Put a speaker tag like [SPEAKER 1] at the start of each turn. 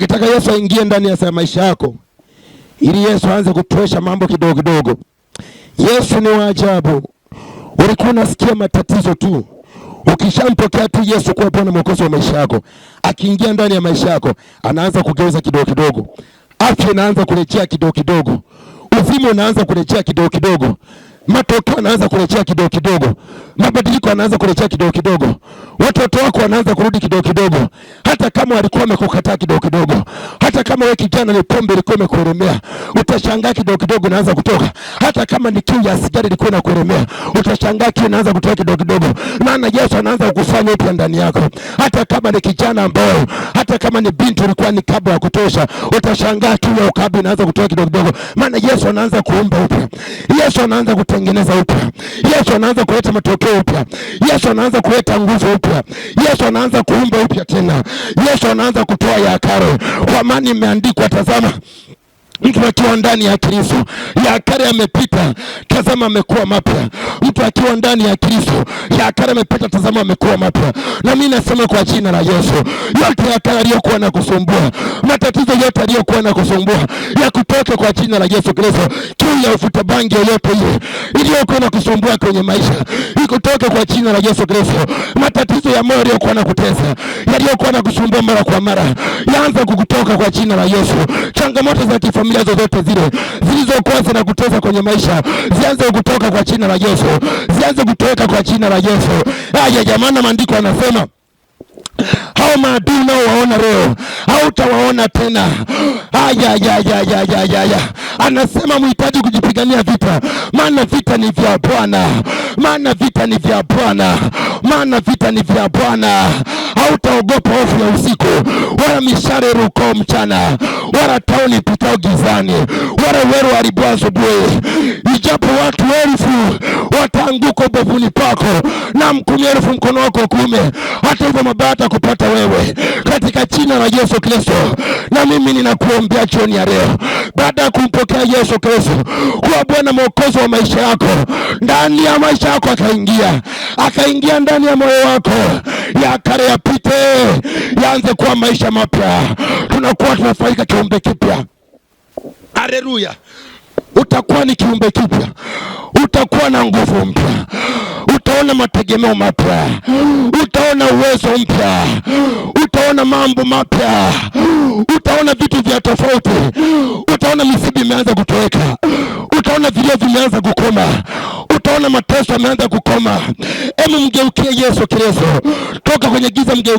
[SPEAKER 1] Ukitaka Yesu aingie ndani ya maisha yako, ili Yesu aanze kutuesha mambo kidogo kidogo. Yesu ni wa ajabu. Ulikuwa unasikia matatizo tu, ukishampokea tu Yesu kuwa Bwana Mwokozi wa maisha yako, akiingia ndani ya maisha yako, anaanza kugeuza kidogo kidogo, afya inaanza kurejea kidogo kidogo, uzima unaanza kurejea kidogo kidogo matokeo yanaanza kurejea kidogo kidogo, mabadiliko yanaanza kurejea kidogo kidogo, watoto wako wanaanza kurudi kidogo kidogo, hata kama walikuwa wamekukataa kidogo kidogo, hata kama wewe kijana, ni pombe ilikuwa imekulemea utashangaa kidogo kidogo naanza kutoka. Hata kama ni kiu ya sigara ilikuwa inakulemea, utashangaa kiu inaanza kutoka kidogo kidogo, maana Yesu anaanza kukufanya upya ndani yako. Hata kama ni kijana ambao, hata kama ni binti ulikuwa ni kabla ya kutosha, utashangaa kiu ya ukaba inaanza kutoka kidogo kidogo, maana Yesu anaanza kuumba upya. Yesu anaanza kutengeneza upya. Yesu anaanza kuleta matokeo upya. Yesu anaanza kuleta nguvu upya. Yesu anaanza kuumba upya tena. Yesu anaanza kutoa ya kale, kwa maana imeandikwa, tazama Mtu akiwa ndani ya Kristo, ya kale amepita, tazama amekuwa mapya. Mtu akiwa ndani ya Kristo, ya kale amepita, tazama amekuwa mapya. Na mimi nasema kwa jina la Yesu, yote ya kale aliyokuwa na kusumbua, matatizo yote aliyokuwa na kusumbua ya kutoka kwa jina la Yesu Kristo. Kiu ya ufuta bangi yoyote ile iliyokuwa na kusumbua kwenye maisha kutoka kwa jina la Yesu Kristo. Matatizo ya moyo yaliyokuwa nakutesa, yaliyokuwa nakusumbua mara kwa mara, yaanza kukutoka kwa jina la Yesu. Changamoto za kifamilia zozote zile zilizokuwa zinakutesa kwenye maisha, zianze kutoka kwa jina la Yesu, zianze kutoka kwa jina la Yesu. Haya jamani, maandiko yanasema hao maadui nao waona leo hautawaona tena. Haya, haya, haya, haya, haya anasema mhitaji kujipigania vita, maana vita ni vya Bwana, maana vita ni vya Bwana, maana vita ni vya Bwana. Hautaogopa hofu ya usiku, wala mishale rukao mchana, wala tauni pitao gizani, wala weru haribu asubuhi. Ijapo watu elfu wataanguka ubavuni pako kumi elfu mkono wako wa kuume, hata hivyo mabaya atakupata wewe, katika jina la Yesu Kristo. Na mimi ninakuombea jioni ya leo, baada ya kumpokea Yesu Kristo kuwa Bwana Mwokozi wa maisha yako, ndani ya maisha yako akaingia, akaingia ndani ya moyo wako, ya kale yapite, yaanze kuwa maisha mapya. Tunakuwa tunafaika kiumbe kipya. Haleluya! Utakuwa ni kiumbe kipya, utakuwa na nguvu mpya utaona mategemeo mapya, utaona uwezo mpya, utaona mambo mapya, utaona vitu vya tofauti, utaona misibi imeanza kutoweka, utaona vilio vimeanza kukoma, utaona mateso yameanza kukoma. Hebu mgeukie Yesu Kristo, toka kwenye giza mgeukie